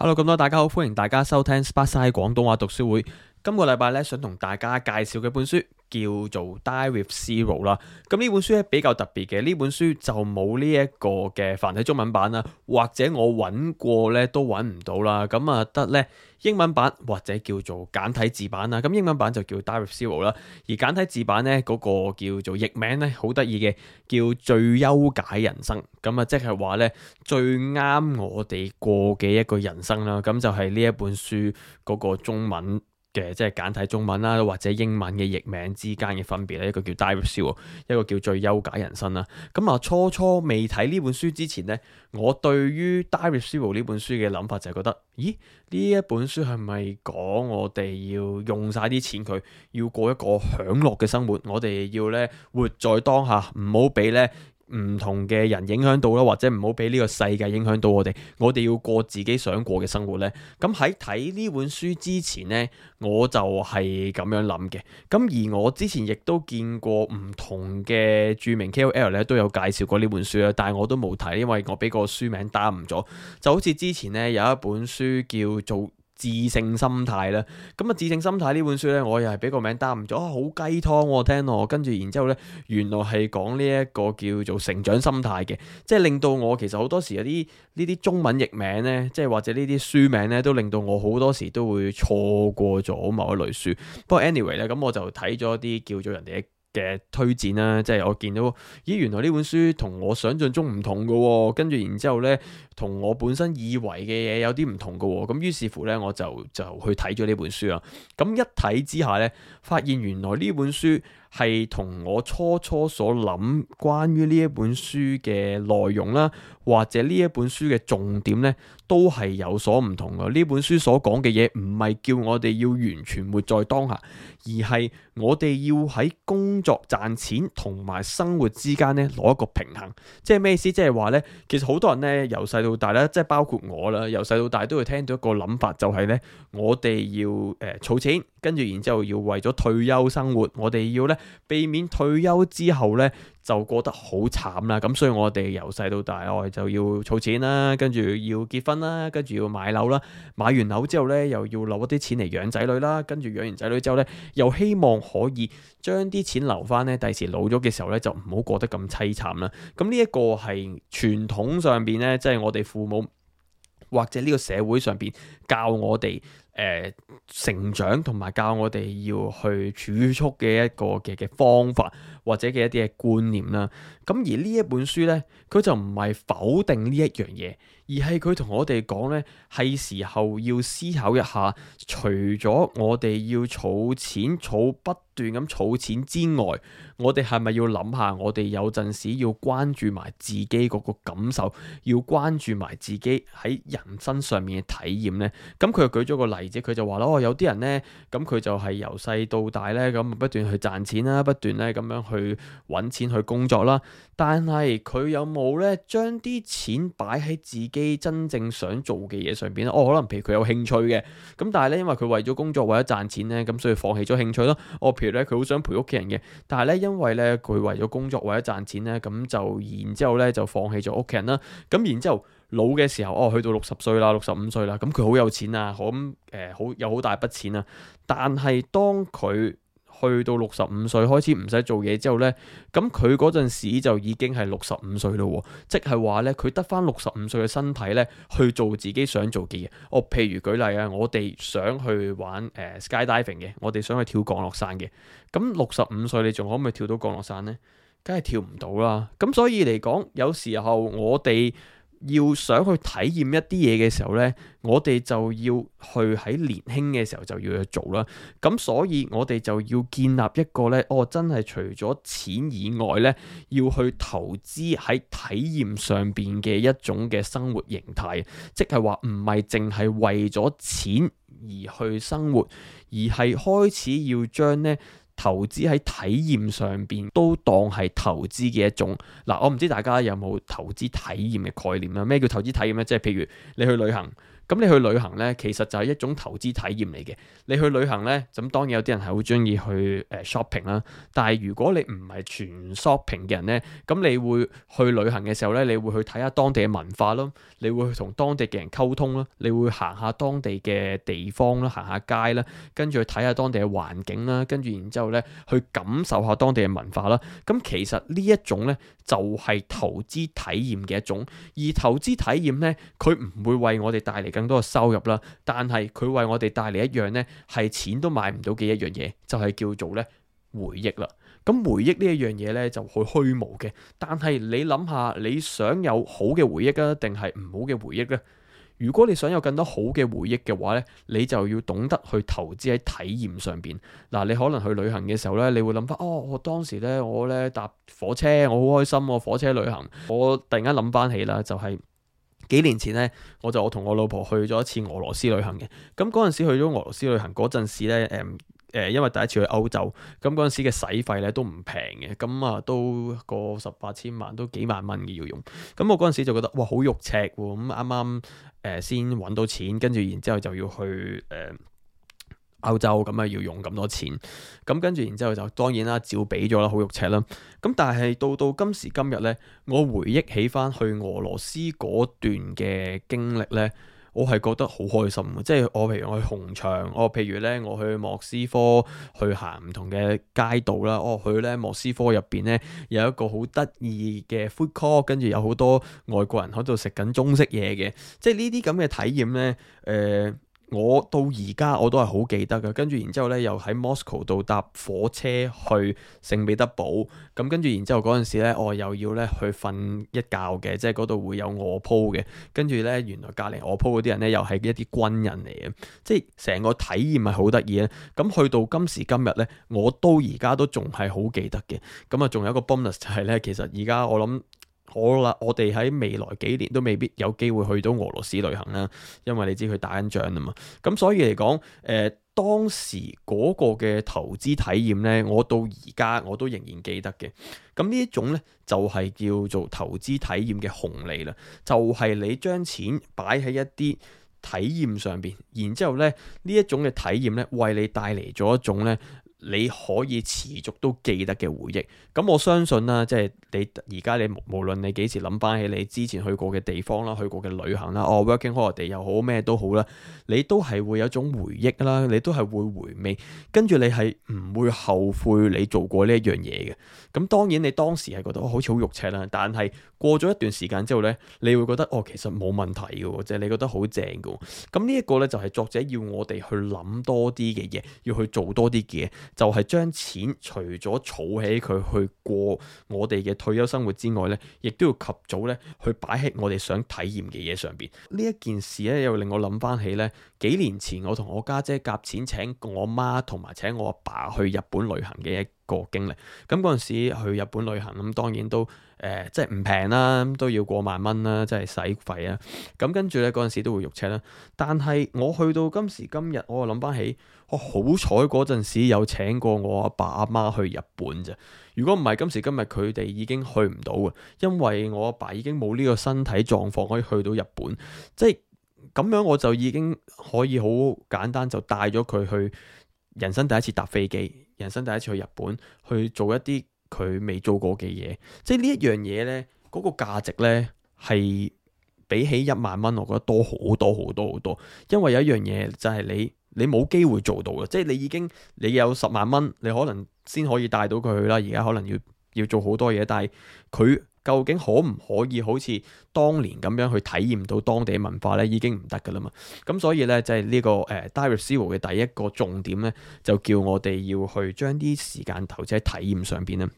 Hello，咁多位大家好，歡迎大家收聽《Sparksine 廣東話讀書會》。今個禮拜咧，想同大家介紹嘅本書叫做《Die with Zero》啦。咁呢本書咧比較特別嘅，呢本書就冇呢一個嘅繁體中文版啦，或者我揾過咧都揾唔到啦。咁啊得咧英文版或者叫做簡體字版啦。咁英文版就叫《Die with Zero》啦，而簡體字版咧嗰個叫做譯名咧好得意嘅，叫《最優解人生》。咁啊即係話咧最啱我哋過嘅一個人生啦。咁就係呢一本書嗰個中文嘅即係簡體中文啦，或者英文嘅譯名之間嘅分別咧，一個叫《Die With Zero》，一個叫《最優解人生》啦。咁啊，初初未睇呢本書之前呢，我對於《Die With Zero》呢本書嘅諗法就係覺得，咦？呢一本書係咪講我哋要用晒啲錢佢，要過一個享樂嘅生活？我哋要咧活在當下，唔好俾咧。唔同嘅人影響到啦，或者唔好俾呢個世界影響到我哋，我哋要過自己想過嘅生活呢。咁喺睇呢本書之前呢，我就係咁樣諗嘅。咁而我之前亦都見過唔同嘅著名 KOL 咧，都有介紹過呢本書啊，但係我都冇睇，因為我俾個書名打唔咗。就好似之前呢，有一本書叫做自性心態啦，咁啊，自性心態呢本書呢，我又係俾個名耽誤咗，好雞湯我聽落，跟住然之後呢，原來係講呢一個叫做成長心態嘅。即係令到我其實好多時有啲呢啲中文譯名呢，即係或者呢啲書名呢，都令到我好多時都會錯過咗某一類書。不過 anyway 咧，咁我就睇咗啲叫做人哋嘅推薦啦，即係我見到，咦，原來呢本書同我想象中唔同嘅，跟住然之後呢，同我本身以為嘅嘢有啲唔同嘅，咁於是乎呢，我就就去睇咗呢本書啊，咁一睇之下呢，發現原來呢本書。係同我初初所諗關於呢一本書嘅內容啦，或者呢一本書嘅重點呢，都係有所唔同嘅。呢本書所講嘅嘢唔係叫我哋要完全活在當下，而係我哋要喺工作賺錢同埋生活之間呢攞一個平衡。即係咩意思？即係話呢，其實好多人呢，由細到大咧，即係包括我啦，由細到大都會聽到一個諗法，就係呢：「我哋要誒儲錢，跟住然之後要為咗退休生活，我哋要呢。避免退休之後咧就過得好慘啦，咁所以我哋由細到大，我哋就要儲錢啦，跟住要結婚啦，跟住要買樓啦，買完樓之後咧又要留一啲錢嚟養仔女啦，跟住養完仔女之後咧又希望可以將啲錢留翻咧，第時老咗嘅時候咧就唔好過得咁淒慘啦。咁呢一個係傳統上邊咧，即係我哋父母或者呢個社會上邊教我哋。誒成長同埋教我哋要去儲蓄嘅一個嘅嘅方法或者嘅一啲嘅觀念啦，咁而呢一本書呢，佢就唔係否定呢一樣嘢。而係佢同我哋講咧，係時候要思考一下，除咗我哋要儲錢儲不斷咁儲錢之外，我哋係咪要諗下，我哋有陣時要關注埋自己嗰個感受，要關注埋自己喺人生上面嘅體驗咧？咁佢又舉咗個例子，佢就話咯，哦，有啲人咧，咁佢就係由細到大咧，咁不斷去賺錢啦，不斷咧咁樣去揾錢去工作啦，但係佢有冇咧將啲錢擺喺自己？真正想做嘅嘢上邊，哦，可能譬如佢有興趣嘅，咁但係咧，因為佢為咗工作為，為咗賺錢咧，咁所以放棄咗興趣咯。哦，譬如咧，佢好想陪屋企人嘅，但係咧，因為咧，佢為咗工作為，為咗賺錢咧，咁就然之後咧就放棄咗屋企人啦。咁然之後老嘅時候，哦，去到六十歲啦，六十五歲啦，咁佢好有錢啊，咁誒好有好大筆錢啊，但係當佢。去到六十五歲開始唔使做嘢之後呢，咁佢嗰陣時就已經係六十五歲咯，即係話呢，佢得返六十五歲嘅身體呢去做自己想做嘅嘢。我、哦、譬如舉例啊，我哋想去玩、呃、skydiving 嘅，我哋想去跳降落傘嘅。咁六十五歲你仲可唔可以跳到降落傘呢？梗係跳唔到啦。咁所以嚟講，有時候我哋。要想去體驗一啲嘢嘅時候呢，我哋就要去喺年輕嘅時候就要去做啦。咁所以我哋就要建立一個呢，哦，真係除咗錢以外呢，要去投資喺體驗上邊嘅一種嘅生活形態，即係話唔係淨係為咗錢而去生活，而係開始要將呢。投資喺體驗上面都當係投資嘅一種。嗱，我唔知大家有冇投資體驗嘅概念啦。咩叫投資體驗呢？即係譬如你去旅行。咁你去旅行咧，其實就係一種投資體驗嚟嘅。你去旅行咧，咁當然有啲人係好中意去誒 shopping 啦。但係如果你唔係全 shopping 嘅人咧，咁你會去旅行嘅時候咧，你會去睇下當地嘅文化咯，你會同當地嘅人溝通啦，你會行下當地嘅地方啦，行下街啦，跟住去睇下當地嘅環境啦，跟住然之後咧，去感受下當地嘅文化啦。咁其實呢一種咧就係投資體驗嘅一種，而投資體驗咧，佢唔會為我哋帶嚟更多嘅收入啦，但係佢為我哋帶嚟一樣呢，係錢都買唔到嘅一樣嘢，就係叫做呢回憶啦。咁回憶呢一樣嘢呢，就好虛無嘅，但係你諗下，你想有好嘅回憶啊，定係唔好嘅回憶呢？如果你想有更多好嘅回憶嘅話呢，你就要懂得去投資喺體驗上邊。嗱，你可能去旅行嘅時候呢，你會諗翻哦，我當時呢，我呢搭火車，我好開心，我火車旅行。我突然間諗翻起啦，就係。幾年前呢，我就我同我老婆去咗一次俄羅斯旅行嘅。咁嗰陣時去咗俄羅斯旅行嗰陣時呢，誒因為第一次去歐洲，咁嗰陣時嘅使費呢都唔平嘅，咁啊都過十八千萬都幾萬蚊嘅要用。咁我嗰陣時就覺得哇好肉赤喎，咁啱啱誒先揾到錢，跟住然之後就要去誒。呃歐洲咁啊要用咁多錢，咁跟住然之後就當然啦，照俾咗啦，好肉赤啦。咁但係到到今時今日呢，我回憶起翻去俄羅斯嗰段嘅經歷呢，我係覺得好開心。即係我譬如我去紅場，我譬如呢，我去莫斯科去行唔同嘅街道啦，哦去呢莫斯科入邊呢，有一個好得意嘅 food court，跟住有好多外國人喺度食緊中式嘢嘅，即係呢啲咁嘅體驗呢。誒、呃。我到而家我都係好記得嘅，跟住然之後呢，又喺 Moscow 度搭火車去聖彼得堡，咁跟住然之後嗰陣時咧，我又要呢去瞓一覺嘅，即係嗰度會有臥鋪嘅，跟住呢，原來隔離臥鋪嗰啲人呢，又係一啲軍人嚟嘅，即係成個體驗係好得意咧。咁去到今時今日呢，我都而家都仲係好記得嘅。咁啊，仲有一個 bonus 就係呢，其實而家我諗。好啦，我哋喺未來幾年都未必有機會去到俄羅斯旅行啦，因為你知佢打緊仗啊嘛。咁所以嚟講，誒、呃，當時嗰個嘅投資體驗呢，我到而家我都仍然記得嘅。咁呢一種呢，就係、是、叫做投資體驗嘅紅利啦，就係、是、你將錢擺喺一啲體驗上邊，然之後呢呢一種嘅體驗呢，為你帶嚟咗一種呢。你可以持續都記得嘅回憶，咁我相信啦，即係你而家你無論你幾時諗翻起你之前去過嘅地方啦，去過嘅旅行啦，哦 working holiday 又好咩都好啦，你都係會有種回憶啦，你都係會回味，跟住你係唔會後悔你做過呢一樣嘢嘅。咁當然你當時係覺得好似好肉赤啦，但係過咗一段時間之後呢，你會覺得哦其實冇問題嘅，即係你覺得好正㗎。咁呢一個呢，就係作者要我哋去諗多啲嘅嘢，要去做多啲嘅嘢。就係將錢除咗儲起佢去過我哋嘅退休生活之外呢，亦都要及早呢去擺喺我哋想體驗嘅嘢上邊。呢一件事呢，又令我諗翻起呢幾年前我同我家姐夾錢請我媽同埋請我阿爸去日本旅行嘅一個經歷。咁嗰陣時去日本旅行咁、嗯、當然都誒、呃、即係唔平啦，都要過萬蚊啦，即係使費啊。咁、嗯、跟住呢，嗰陣時都會肉赤啦。但係我去到今時今日，我又諗翻起。我好彩嗰陣時有請過我阿爸阿媽去日本啫，如果唔係今時今日佢哋已經去唔到啊，因為我阿爸已經冇呢個身體狀況可以去到日本，即係咁樣我就已經可以好簡單就帶咗佢去人生第一次搭飛機，人生第一次去日本去做一啲佢未做過嘅嘢，即係呢一樣嘢呢，嗰個價值呢係比起一萬蚊，我覺得多好多好多好多好多，因為有一樣嘢就係你。你冇機會做到嘅，即係你已經你有十萬蚊，你可能先可以帶到佢去啦。而家可能要要做好多嘢，但係佢究竟可唔可以好似當年咁樣去體驗到當地文化呢？已經唔得噶啦嘛。咁所以呢，就係、是、呢、這個誒、uh, Die With Zero 嘅第一個重點呢，就叫我哋要去將啲時間投資喺體驗上邊咧。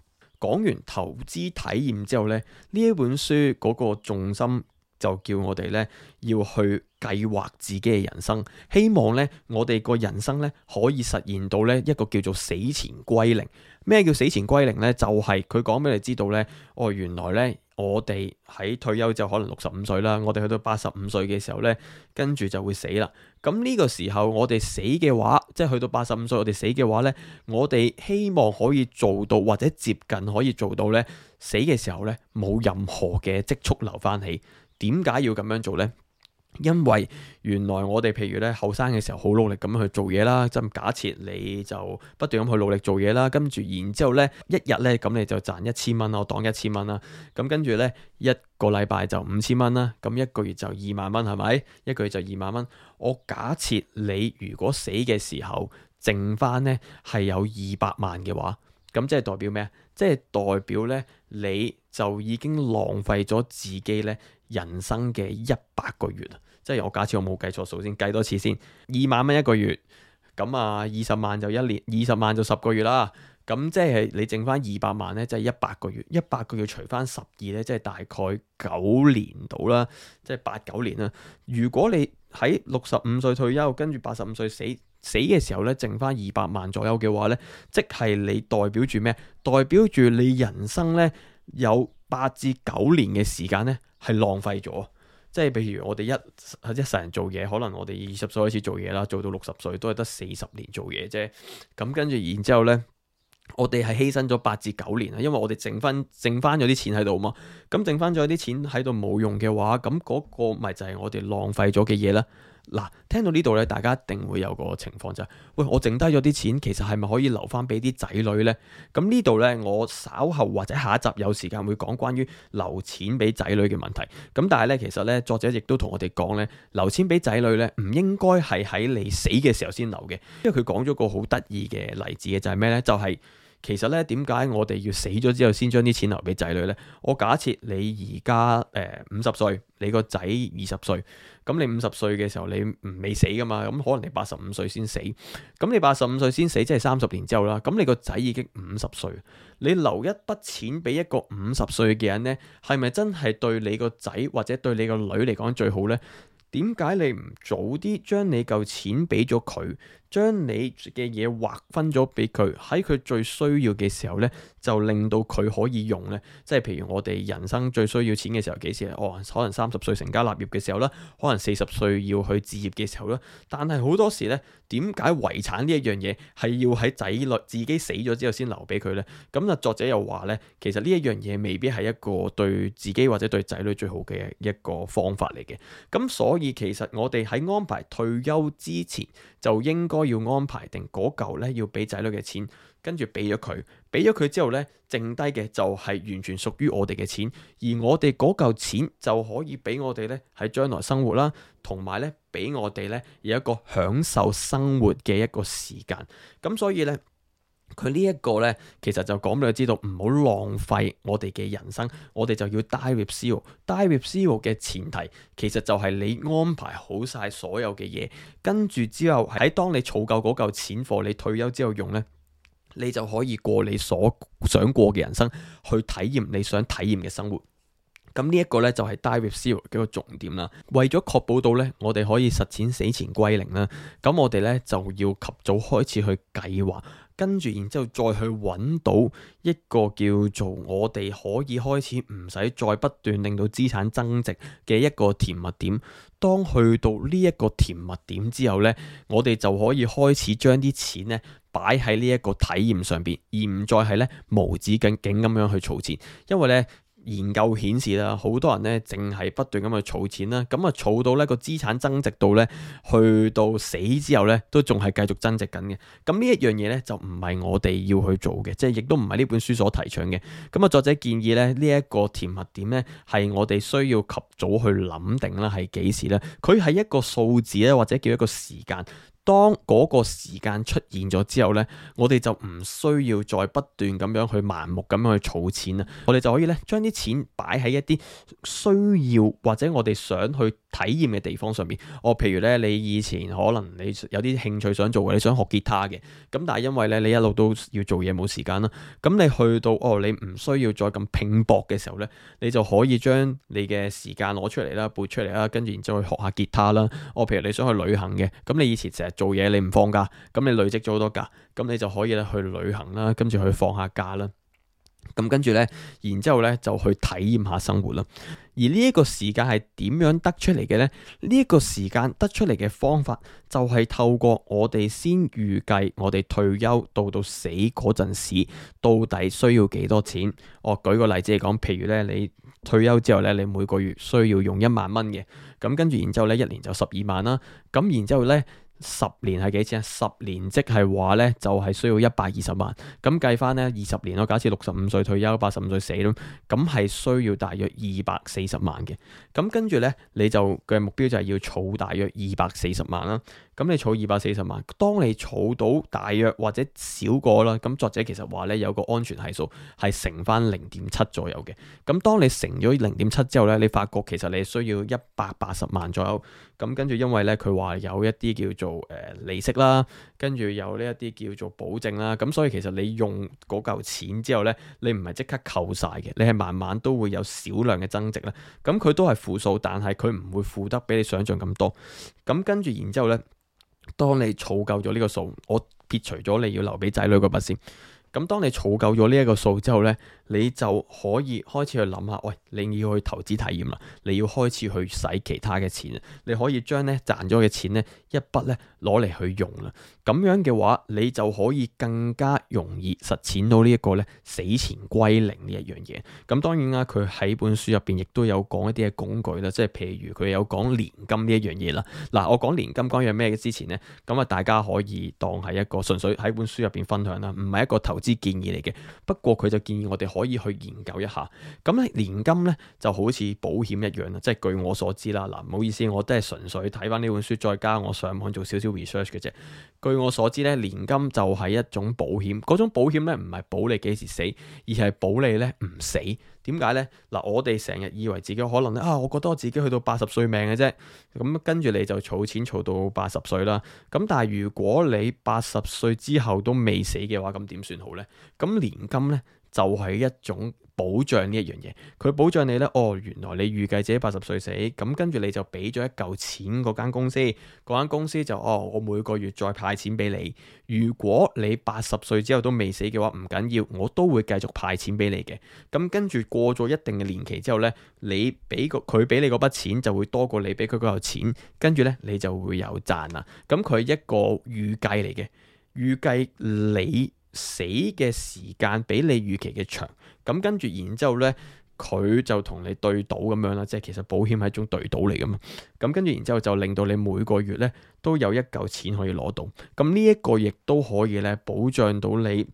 講完投資體驗之後呢，呢一本書嗰個重心。就叫我哋咧要去計劃自己嘅人生，希望咧我哋個人生咧可以實現到咧一個叫做死前歸零。咩叫死前歸零咧？就係佢講俾你知道咧，哦，原來咧我哋喺退休就可能六十五歲啦，我哋去到八十五歲嘅時候咧，跟住就會死啦。咁呢個時候我哋死嘅話，即係去到八十五歲我哋死嘅話咧，我哋希望可以做到或者接近可以做到咧，死嘅時候咧冇任何嘅積蓄留翻起。點解要咁樣做呢？因為原來我哋譬如咧，後生嘅時候好努力咁去做嘢啦。即假設你就不斷咁去努力做嘢啦，跟住然之後呢，一日呢咁你就賺一千蚊，我當一千蚊啦。咁跟住呢，一個禮拜就五千蚊啦，咁一個月就二萬蚊係咪？一個月就二萬蚊。我假設你如果死嘅時候剩翻呢係有二百萬嘅話，咁即係代表咩啊？即係代表呢，你就已經浪費咗自己呢。人生嘅一百個月啊，即係我假設我冇計錯數先計，計多次先二萬蚊一個月咁啊，二十萬就一年，二十萬就十個月啦。咁即係你剩翻二百萬呢，即係一百個月，一百個月除翻十二呢，即係大概九年到啦，即係八九年啦。如果你喺六十五歲退休，跟住八十五歲死死嘅時候呢，剩翻二百萬左右嘅話呢，即係你代表住咩？代表住你人生呢，有八至九年嘅時間呢。係浪費咗，即係譬如我哋一一世人做嘢，可能我哋二十歲開始做嘢啦，做到六十歲都係得四十年做嘢啫。咁跟住，然之後呢，我哋係犧牲咗八至九年啦，因為我哋剩返剩返咗啲錢喺度嘛。咁剩返咗啲錢喺度冇用嘅話，咁嗰個咪就係我哋浪費咗嘅嘢啦。嗱，聽到呢度咧，大家一定會有個情況就係，喂，我剩低咗啲錢，其實係咪可以留翻俾啲仔女呢？咁呢度呢，我稍後或者下一集有時間會講關於留錢俾仔女嘅問題。咁但係呢，其實呢，作者亦都同我哋講呢，留錢俾仔女呢，唔應該係喺你死嘅時候先留嘅，因為佢講咗個好得意嘅例子嘅，就係咩呢？就係。其實咧，點解我哋要死咗之後先將啲錢留俾仔女呢？我假設你而家誒五十歲，你個仔二十歲，咁你五十歲嘅時候你唔未死噶嘛？咁可能你八十五歲先死，咁你八十五歲先死，即係三十年之後啦。咁你個仔已經五十歲，你留一筆錢俾一個五十歲嘅人呢，係咪真係對你個仔或者對你個女嚟講最好呢？點解你唔早啲將你嚿錢俾咗佢？將你嘅嘢劃分咗俾佢，喺佢最需要嘅時候呢，就令到佢可以用呢。即係譬如我哋人生最需要錢嘅時候，幾時？哦，可能三十歲成家立業嘅時候啦，可能四十歲要去置業嘅時候啦。但係好多時呢，點解遺產呢一樣嘢係要喺仔女自己死咗之後先留俾佢呢？咁啊，作者又話呢，其實呢一樣嘢未必係一個對自己或者對仔女最好嘅一個方法嚟嘅。咁所以其實我哋喺安排退休之前，就應該要安排定嗰嚿要俾仔女嘅錢，跟住俾咗佢，俾咗佢之後呢，剩低嘅就係完全屬於我哋嘅錢，而我哋嗰嚿錢就可以俾我哋呢喺將來生活啦，同埋呢俾我哋呢有一個享受生活嘅一個時間，咁所以呢。佢呢一個呢，其實就講俾你知道，唔好浪費我哋嘅人生，我哋就要 die with zero。die with zero 嘅前提，其實就係你安排好晒所有嘅嘢，跟住之後喺當你儲夠嗰嚿錢貨，你退休之後用呢，你就可以過你所想過嘅人生，去體驗你想體驗嘅生活。咁呢一個呢，就係 die with zero 嘅一個重點啦。為咗確保到呢，我哋可以實踐死前歸零啦。咁我哋呢，就要及早開始去計劃。跟住，然之後再去揾到一個叫做我哋可以開始唔使再不斷令到資產增值嘅一個甜蜜點。當去到呢一個甜蜜點之後呢，我哋就可以開始將啲錢呢，擺喺呢一個體驗上邊，而唔再係呢無止境境咁樣去儲錢，因為呢。研究顯示啦，好多人咧，淨係不斷咁去儲錢啦，咁啊儲到咧個資產增值到咧，去到死之後咧，都仲係繼續增值緊嘅。咁呢一樣嘢咧，就唔係我哋要去做嘅，即係亦都唔係呢本書所提倡嘅。咁啊，作者建議咧，這個、呢一個甜蜜點咧，係我哋需要及早去諗定啦，係幾時咧？佢係一個數字咧，或者叫一個時間。當嗰個時間出現咗之後咧，我哋就唔需要再不斷咁樣去盲目咁樣去儲錢啦，我哋就可以咧將啲錢擺喺一啲需要，或者我哋想去體驗嘅地方上面，哦，譬如咧，你以前可能你有啲興趣想做嘅，你想學吉他嘅，咁但係因為咧，你一路都要做嘢冇時間啦。咁你去到哦，你唔需要再咁拼搏嘅時候咧，你就可以將你嘅時間攞出嚟啦，撥出嚟啦，跟住然之後去學下吉他啦。我、哦、譬如你想去旅行嘅，咁你以前成日做嘢，你唔放假，咁你累積咗好多假，咁你就可以咧去旅行啦，跟住去放下假啦。咁跟住呢，然之後呢就去體驗下生活啦。而呢一個時間係點樣得出嚟嘅呢？呢、這、一個時間得出嚟嘅方法就係透過我哋先預計我哋退休到到死嗰陣時，到底需要幾多錢？我舉個例子嚟講，譬如呢，你退休之後呢，你每個月需要用一萬蚊嘅，咁跟住然之後呢一年就十二萬啦。咁然之後呢。十年係幾錢啊？十年即係話咧，就係、是、需要一百二十萬。咁計返咧，二十年咯。假設六十五歲退休，八十五歲死咯。咁係需要大約二百四十萬嘅。咁跟住咧，你就嘅目標就係要儲大約二百四十萬啦。咁你儲二百四十萬，當你儲到大約或者少過啦，咁作者其實話呢，有個安全係數係乘翻零點七左右嘅。咁當你乘咗零點七之後呢，你發覺其實你係需要一百八十萬左右。咁跟住因為呢，佢話有一啲叫做誒、呃、利息啦，跟住有呢一啲叫做保證啦。咁所以其實你用嗰嚿錢之後呢，你唔係即刻扣晒嘅，你係慢慢都會有少量嘅增值啦。咁佢都係負數，但係佢唔會負得比你想象咁多。咁跟住然之後呢。當你儲夠咗呢個數，我撇除咗你要留俾仔女嗰筆仙。咁當你儲夠咗呢一個數之後咧。你就可以開始去諗下，喂，你要去投資體驗啦，你要開始去使其他嘅錢。你可以將咧賺咗嘅錢咧一筆咧攞嚟去用啦，咁樣嘅話，你就可以更加容易實踐到呢一個咧死前歸零呢一樣嘢。咁當然啦、啊，佢喺本書入邊亦都有講一啲嘅工具啦，即係譬如佢有講年金呢一樣嘢啦。嗱，我講年金講樣咩嘅之前呢，咁啊大家可以當係一個純粹喺本書入邊分享啦，唔係一個投資建議嚟嘅。不過佢就建議我哋可可以去研究一下咁咧，年金咧就好似保險一樣啦。即係據我所知啦，嗱唔好意思，我都係純粹睇翻呢本書，再加上我上網做少少 research 嘅啫。據我所知咧，年金就係一種保險，嗰種保險咧唔係保你幾時死，而係保你咧唔死。點解咧？嗱，我哋成日以為自己可能啊，我覺得我自己去到八十歲命嘅啫，咁跟住你就儲錢儲到八十歲啦。咁但係如果你八十歲之後都未死嘅話，咁點算好咧？咁年金咧？就係一種保障呢一樣嘢，佢保障你呢，哦，原來你預計自己八十歲死，咁跟住你就俾咗一嚿錢嗰間公司，嗰間公司就哦，我每個月再派錢俾你。如果你八十歲之後都未死嘅話，唔緊要，我都會繼續派錢俾你嘅。咁跟住過咗一定嘅年期之後呢，你俾個佢俾你嗰筆錢就會多過你俾佢嗰嚿錢，跟住呢，你就會有賺啦。咁佢一個預計嚟嘅，預計你，死嘅時間比你預期嘅長，咁跟住，然之後呢，佢就同你對賭咁樣啦，即係其實保險係一種對賭嚟噶嘛，咁跟住，然之後就令到你每個月呢都有一嚿錢可以攞到，咁呢一個亦都可以呢保障到你。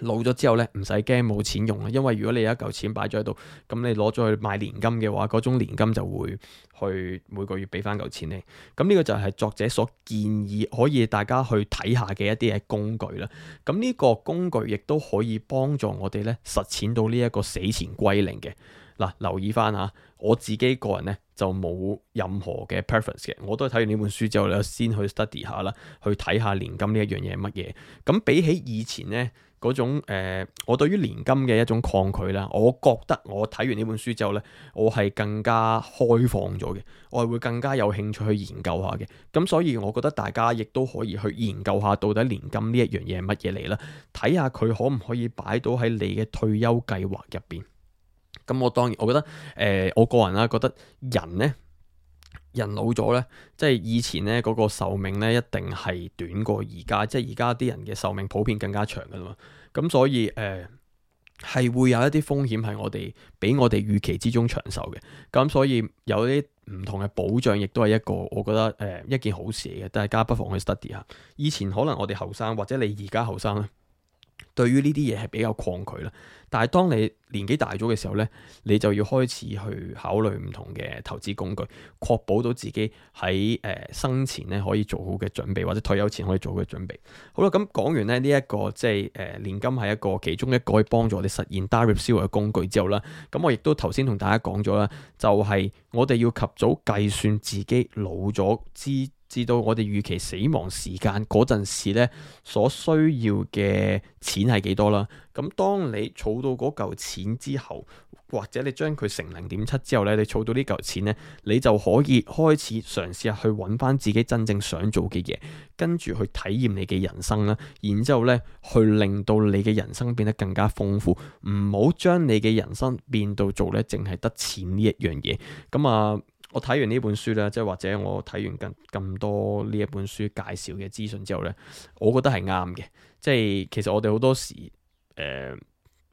老咗之後咧，唔使驚冇錢用啦，因為如果你有一嚿錢擺咗喺度，咁你攞咗去買年金嘅話，嗰種年金就會去每個月俾翻嚿錢你。咁呢個就係作者所建議可以大家去睇下嘅一啲嘅工具啦。咁呢個工具亦都可以幫助我哋咧實踐到呢一個死前歸零嘅。嗱，留意翻吓，我自己個人呢，就冇任何嘅 preference 嘅，我都係睇完呢本書之後呢，先去 study 下啦，去睇下年金呢一樣嘢係乜嘢。咁比起以前呢嗰種、呃、我對於年金嘅一種抗拒啦，我覺得我睇完呢本書之後呢，我係更加開放咗嘅，我係會更加有興趣去研究下嘅。咁所以，我覺得大家亦都可以去研究下到底年金呢一樣嘢係乜嘢嚟啦，睇下佢可唔可以擺到喺你嘅退休計劃入邊。咁我當然，我覺得誒、呃，我個人啦，覺得人呢，人老咗呢，即係以前呢嗰個壽命呢，一定係短過而家，即係而家啲人嘅壽命普遍更加長㗎喇嘛。咁所以誒，係、呃、會有一啲風險係我哋比我哋預期之中長壽嘅。咁所以有啲唔同嘅保障，亦都係一個我覺得誒、呃、一件好事嚟嘅。大家不妨去 study 下，以前可能我哋後生，或者你而家後生啦。對於呢啲嘢係比較抗拒啦，但係當你年紀大咗嘅時候呢，你就要開始去考慮唔同嘅投資工具，確保到自己喺誒生前咧可以做好嘅準備，或者退休前可以做好嘅準備。好啦，咁講完咧呢一個即係誒、呃、年金係一個其中一個可以幫助你實現 Die With Zero 嘅工具之後啦，咁、嗯、我亦都頭先同大家講咗啦，就係、是、我哋要及早計算自己老咗之。知道我哋預期死亡時間嗰陣時咧，所需要嘅錢係幾多啦？咁當你儲到嗰嚿錢之後，或者你將佢乘零點七之後咧，你儲到呢嚿錢咧，你就可以開始嘗試下去揾翻自己真正想做嘅嘢，跟住去體驗你嘅人生啦。然之後咧，去令到你嘅人生變得更加豐富。唔好將你嘅人生變到做咧，淨係得錢呢一樣嘢。咁啊～我睇完呢本書咧，即係或者我睇完更更多呢一本書介紹嘅資訊之後咧，我覺得係啱嘅。即係其實我哋好多時誒，呃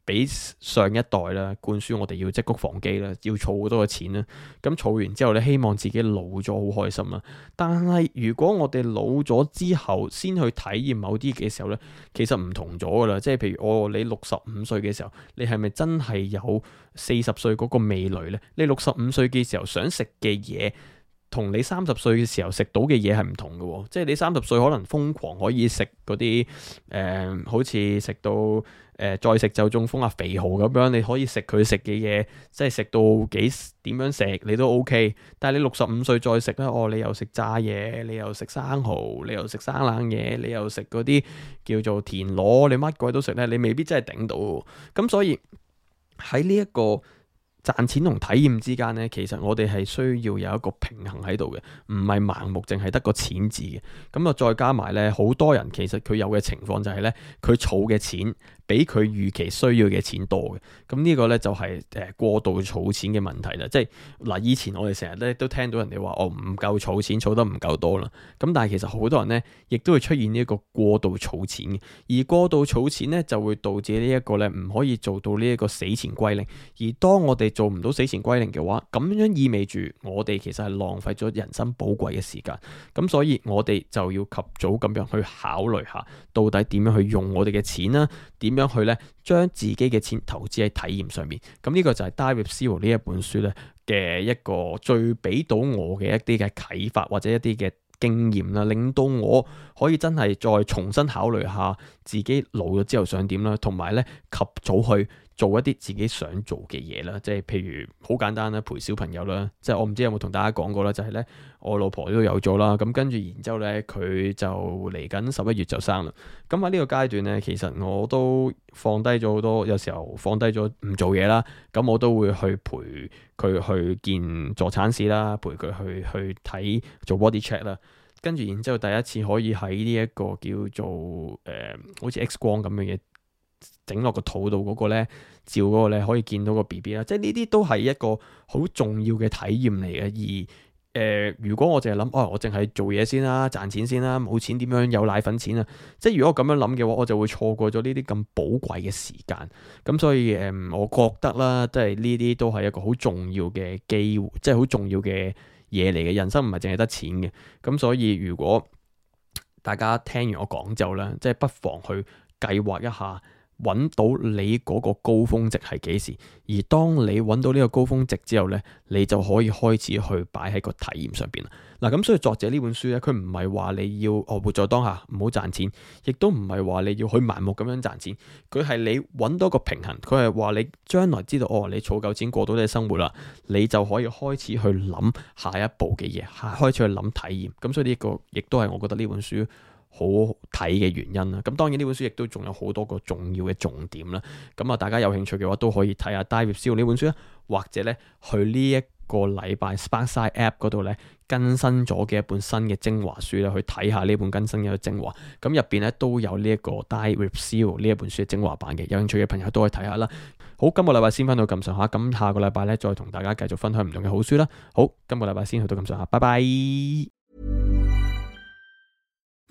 俾上一代啦，灌輸我哋要積谷防饑啦，要儲好多嘅錢啦。咁儲完之後咧，希望自己老咗好開心啊。但係如果我哋老咗之後，先去體驗某啲嘅時候咧，其實唔同咗噶啦。即係譬如我、哦、你六十五歲嘅時候，你係咪真係有四十歲嗰個味蕾咧？你六十五歲嘅時候想食嘅嘢，同你三十歲嘅時候食到嘅嘢係唔同嘅喎、哦，即係你三十歲可能瘋狂可以食嗰啲誒，好似食到誒、呃、再食就中風啊肥豪咁樣，你可以食佢食嘅嘢，即係食到幾點樣食你都 OK。但係你六十五歲再食咧，哦，你又食炸嘢，你又食生蠔，你又食生冷嘢，你又食嗰啲叫做田螺，你乜鬼都食咧，你未必真係頂到。咁所以喺呢一個，賺錢同體驗之間呢，其實我哋係需要有一個平衡喺度嘅，唔係盲目，淨係得個錢字嘅。咁啊，再加埋呢，好多人其實佢有嘅情況就係呢，佢儲嘅錢。比佢預期需要嘅錢多嘅，咁呢個呢，就係誒過度儲錢嘅問題啦。即係嗱，以前我哋成日咧都聽到人哋話我唔夠儲錢，儲得唔夠多啦。咁但係其實好多人呢，亦都會出現呢一個過度儲錢嘅，而過度儲錢呢，就會導致呢一個呢，唔可以做到呢一個死前歸零。而當我哋做唔到死前歸零嘅話，咁樣意味住我哋其實係浪費咗人生寶貴嘅時間。咁所以我哋就要及早咁樣去考慮下，到底點樣去用我哋嘅錢呢？點？點樣去咧？將自己嘅錢投資喺體驗上面，咁呢個就係《Die With Zero》呢一本書咧嘅一個最俾到我嘅一啲嘅啟發或者一啲嘅經驗啦，令到我可以真係再重新考慮下自己老咗之後想點啦，同埋咧及早去。做一啲自己想做嘅嘢啦，即係譬如好簡單啦，陪小朋友啦，即係我唔知有冇同大家講過啦，就係呢，我老婆都有咗啦，咁跟住然之後呢佢就嚟緊十一月就生啦。咁喺呢個階段呢，其實我都放低咗好多，有時候放低咗唔做嘢啦。咁我都會去陪佢去見助產師啦，陪佢去去睇做 body check 啦。跟住然之後第一次可以喺呢一個叫做誒好似 X 光咁樣嘢整落個肚度嗰個呢。照嗰個咧可以見到個 B B 啦，即係呢啲都係一個好重要嘅體驗嚟嘅。而誒、呃，如果我淨係諗，我淨係做嘢先啦、啊，賺錢先啦、啊，冇錢點樣有奶粉錢啊？即係如果我咁樣諗嘅話，我就會錯過咗呢啲咁寶貴嘅時間。咁所以誒、呃，我覺得啦，即係呢啲都係一個好重要嘅機會，即係好重要嘅嘢嚟嘅。人生唔係淨係得錢嘅。咁所以如果大家聽完我講就啦，即係不妨去計劃一下。揾到你嗰個高峰值係幾時？而當你揾到呢個高峰值之後呢，你就可以開始去擺喺個體驗上邊啦。嗱，咁所以作者呢本書呢，佢唔係話你要哦活在當下唔好賺錢，亦都唔係話你要去盲目咁樣賺錢。佢係你揾到個平衡。佢係話你將來知道哦，你儲夠錢過到你嘅生活啦，你就可以開始去諗下一步嘅嘢，開始去諗體驗。咁所以呢一個亦都係我覺得呢本書，好睇嘅原因啦，咁當然呢本書亦都仲有好多個重要嘅重點啦，咁啊大家有興趣嘅話都可以睇下《Die with Zero》呢本書啦，或者呢去呢一個禮拜 Sparksine App 嗰度呢更新咗嘅一本新嘅精華書啦，去睇下呢本更新嘅精華，咁入邊呢都有呢、這、一個《Die with Zero》呢一本書嘅精華版嘅，有興趣嘅朋友都可以睇下啦。好，今個禮拜先翻到咁上下，咁下個禮拜呢，再同大家繼續分享唔同嘅好書啦。好，今個禮拜先去到咁上下，拜拜。